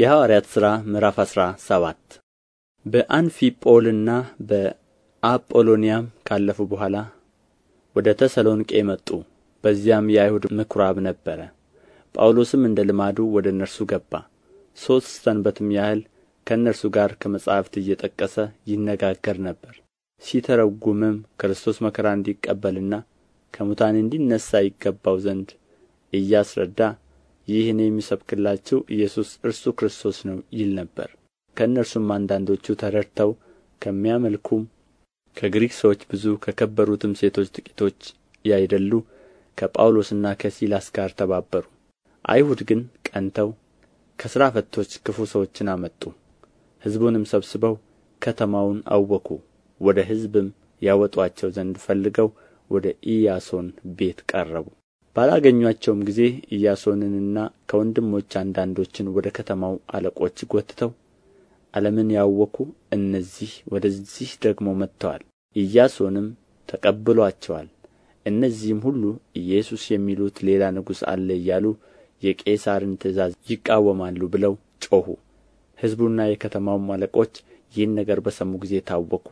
የሐዋርያት ሥራ ምዕራፍ አስራ ሰባት በአንፊጶልና በአጶሎንያም ካለፉ በኋላ ወደ ተሰሎንቄ መጡ። በዚያም የአይሁድ ምኵራብ ነበረ። ጳውሎስም እንደ ልማዱ ወደ እነርሱ ገባ። ሦስት ሰንበትም ያህል ከእነርሱ ጋር ከመጻሕፍት እየጠቀሰ ይነጋገር ነበር። ሲተረጉምም ክርስቶስ መከራ እንዲቀበልና ከሙታን እንዲነሣ ይገባው ዘንድ እያስረዳ ይህ እኔ ኢየሱስ እርሱ ክርስቶስ ነው ይል ነበር ከእነርሱም አንዳንዶቹ ተረድተው ከሚያመልኩም ከግሪክ ሰዎች ብዙ ከከበሩትም ሴቶች ጥቂቶች ያይደሉ ከጳውሎስና ከሲላስ ጋር ተባበሩ። አይሁድ ግን ቀንተው ከሥራ ፈቶች ክፉ ሰዎችን አመጡ። ሕዝቡንም ሰብስበው ከተማውን አወኩ። ወደ ሕዝብም ያወጧቸው ዘንድ ፈልገው ወደ ኢያሶን ቤት ቀረቡ። ባላገኙአቸውም ጊዜ ኢያሶንንና ከወንድሞች አንዳንዶችን ወደ ከተማው አለቆች ጎትተው ዓለምን ያወኩ እነዚህ ወደዚህ ደግሞ መጥተዋል ኢያሶንም ተቀብሎአቸዋል እነዚህም ሁሉ ኢየሱስ የሚሉት ሌላ ንጉሥ አለ እያሉ የቄሳርን ትእዛዝ ይቃወማሉ ብለው ጮኹ። ሕዝቡና የከተማውም አለቆች ይህን ነገር በሰሙ ጊዜ ታወኩ።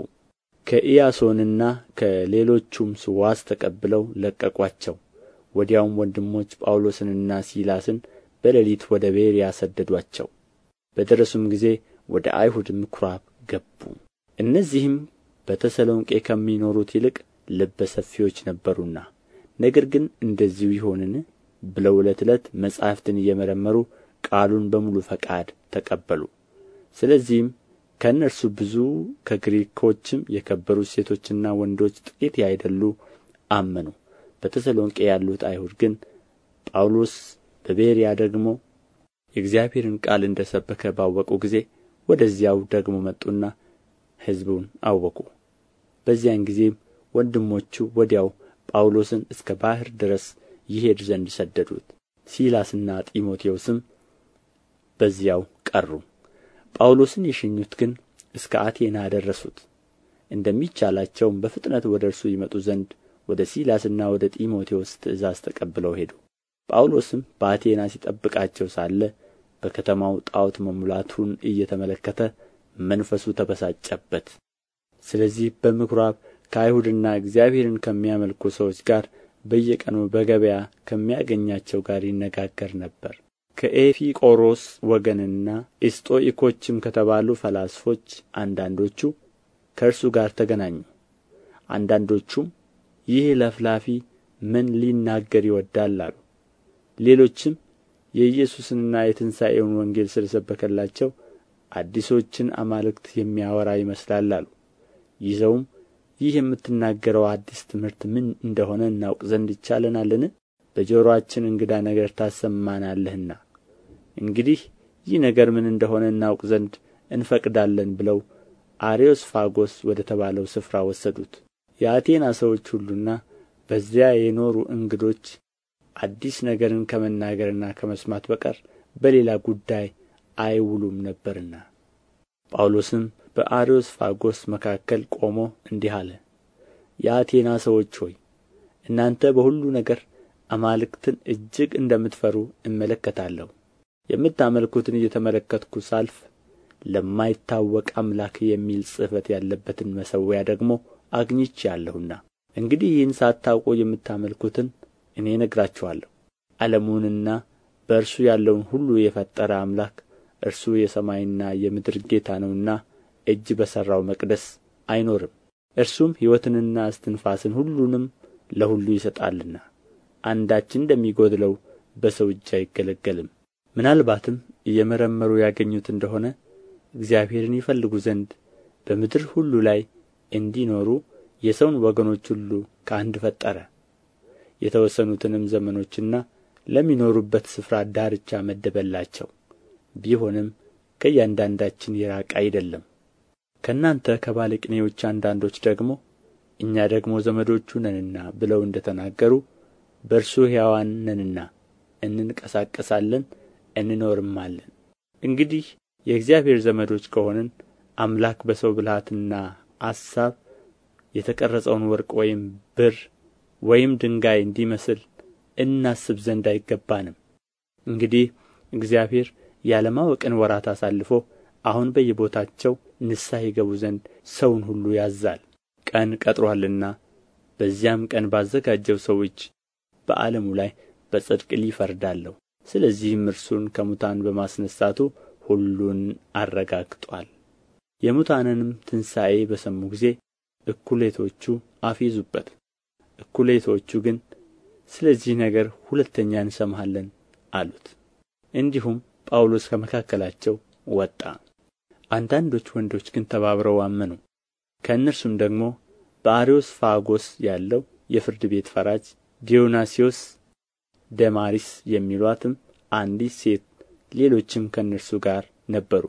ከኢያሶንና ከሌሎቹም ዋስ ተቀብለው ለቀቋቸው። ወዲያውም ወንድሞች ጳውሎስንና ሲላስን በሌሊት ወደ ቤርያ ሰደዷቸው። በደረሱም ጊዜ ወደ አይሁድ ምኵራብ ገቡ እነዚህም በተሰሎንቄ ከሚኖሩት ይልቅ ልበ ሰፊዎች ነበሩና ነገር ግን እንደዚሁ ይሆንን ብለው ዕለት ዕለት መጻሕፍትን እየመረመሩ ቃሉን በሙሉ ፈቃድ ተቀበሉ ስለዚህም ከእነርሱ ብዙ ከግሪኮችም የከበሩ ሴቶችና ወንዶች ጥቂት ያይደሉ አመኑ በተሰሎንቄ ያሉት አይሁድ ግን ጳውሎስ በቤርያ ደግሞ የእግዚአብሔርን ቃል እንደ ሰበከ ባወቁ ጊዜ ወደዚያው ደግሞ መጡና ሕዝቡን አወቁ በዚያን ጊዜም ወንድሞቹ ወዲያው ጳውሎስን እስከ ባሕር ድረስ ይሄድ ዘንድ ሰደዱት። ሲላስና ጢሞቴዎስም በዚያው ቀሩ። ጳውሎስን የሸኙት ግን እስከ አቴና አደረሱት። እንደሚቻላቸውም በፍጥነት ወደ እርሱ ይመጡ ዘንድ ወደ ሲላስና ወደ ጢሞቴዎስ ትእዛዝ ተቀብለው ሄዱ ጳውሎስም በአቴና ሲጠብቃቸው ሳለ በከተማው ጣዖት መሙላቱን እየተመለከተ መንፈሱ ተበሳጨበት። ስለዚህ በምኵራብ ከአይሁድና እግዚአብሔርን ከሚያመልኩ ሰዎች ጋር በየቀኑ በገበያ ከሚያገኛቸው ጋር ይነጋገር ነበር። ከኤፊቆሮስ ወገንና ኢስጦኢኮችም ከተባሉ ፈላስፎች አንዳንዶቹ ከእርሱ ጋር ተገናኙ። አንዳንዶቹም ይህ ለፍላፊ ምን ሊናገር ይወዳል አሉ ሌሎችም የኢየሱስንና የትንሣኤውን ወንጌል ስለ ሰበከላቸው አዲሶችን አማልክት የሚያወራ ይመስላል አሉ ይዘውም ይህ የምትናገረው አዲስ ትምህርት ምን እንደሆነ እናውቅ ዘንድ ይቻለናልን በጆሮአችን እንግዳ ነገር ታሰማናለህና እንግዲህ ይህ ነገር ምን እንደሆነ እናውቅ ዘንድ እንፈቅዳለን ብለው ፋጎስ ወደ ተባለው ስፍራ ወሰዱት የአቴና ሰዎች ሁሉና በዚያ የኖሩ እንግዶች አዲስ ነገርን ከመናገርና ከመስማት በቀር በሌላ ጉዳይ አይውሉም ነበርና ጳውሎስም ፋጎስ መካከል ቆሞ እንዲህ አለ የአቴና ሰዎች ሆይ እናንተ በሁሉ ነገር አማልክትን እጅግ እንደምትፈሩ እመለከታለሁ የምታመልኩትን እየተመለከትኩ ሳልፍ ለማይታወቅ አምላክ የሚል ጽሕፈት ያለበትን መሠዊያ ደግሞ አግኝቼአለሁና እንግዲህ ይህን ሳታውቁ የምታመልኩትን እኔ እነግራችኋለሁ ዓለሙንና በእርሱ ያለውን ሁሉ የፈጠረ አምላክ እርሱ የሰማይና የምድር ጌታ ነውና እጅ በሠራው መቅደስ አይኖርም። እርሱም ሕይወትንና እስትንፋስን ሁሉንም ለሁሉ ይሰጣልና አንዳች እንደሚጎድለው በሰው እጅ አይገለገልም። ምናልባትም እየመረመሩ ያገኙት እንደሆነ እግዚአብሔርን ይፈልጉ ዘንድ በምድር ሁሉ ላይ እንዲኖሩ የሰውን ወገኖች ሁሉ ከአንድ ፈጠረ የተወሰኑትንም ዘመኖችና ለሚኖሩበት ስፍራ ዳርቻ መደበላቸው ቢሆንም ከእያንዳንዳችን የራቀ አይደለም ከእናንተ ከባለቅኔዎች አንዳንዶች ደግሞ እኛ ደግሞ ዘመዶቹ ነንና ብለው እንደ ተናገሩ በእርሱ ሕያዋን ነንና እንንቀሳቀሳለን እንኖርማለን እንግዲህ የእግዚአብሔር ዘመዶች ከሆንን አምላክ በሰው ብልሃትና አሳብ የተቀረጸውን ወርቅ ወይም ብር ወይም ድንጋይ እንዲመስል እናስብ ዘንድ አይገባንም እንግዲህ እግዚአብሔር ያለማወቅን ወራት አሳልፎ አሁን በየቦታቸው ንስሐ ይገቡ ዘንድ ሰውን ሁሉ ያዛል ቀን ቀጥሮአልና በዚያም ቀን ባዘጋጀው ሰው እጅ በዓለሙ ላይ በጽድቅ ሊፈርዳለሁ ስለዚህም እርሱን ከሙታን በማስነሣቱ ሁሉን አረጋግጧል። የሙታንንም ትንሣኤ በሰሙ ጊዜ እኵሌቶቹ አፌዙበት እኵሌቶቹ ግን ስለዚህ ነገር ሁለተኛ እንሰማሃለን አሉት እንዲሁም ጳውሎስ ከመካከላቸው ወጣ አንዳንዶች ወንዶች ግን ተባብረው አመኑ ከእነርሱም ደግሞ ፋጎስ ያለው የፍርድ ቤት ፈራጅ ዲዮናሲዮስ ደማሪስ የሚሏትም አንዲት ሴት ሌሎችም ከእነርሱ ጋር ነበሩ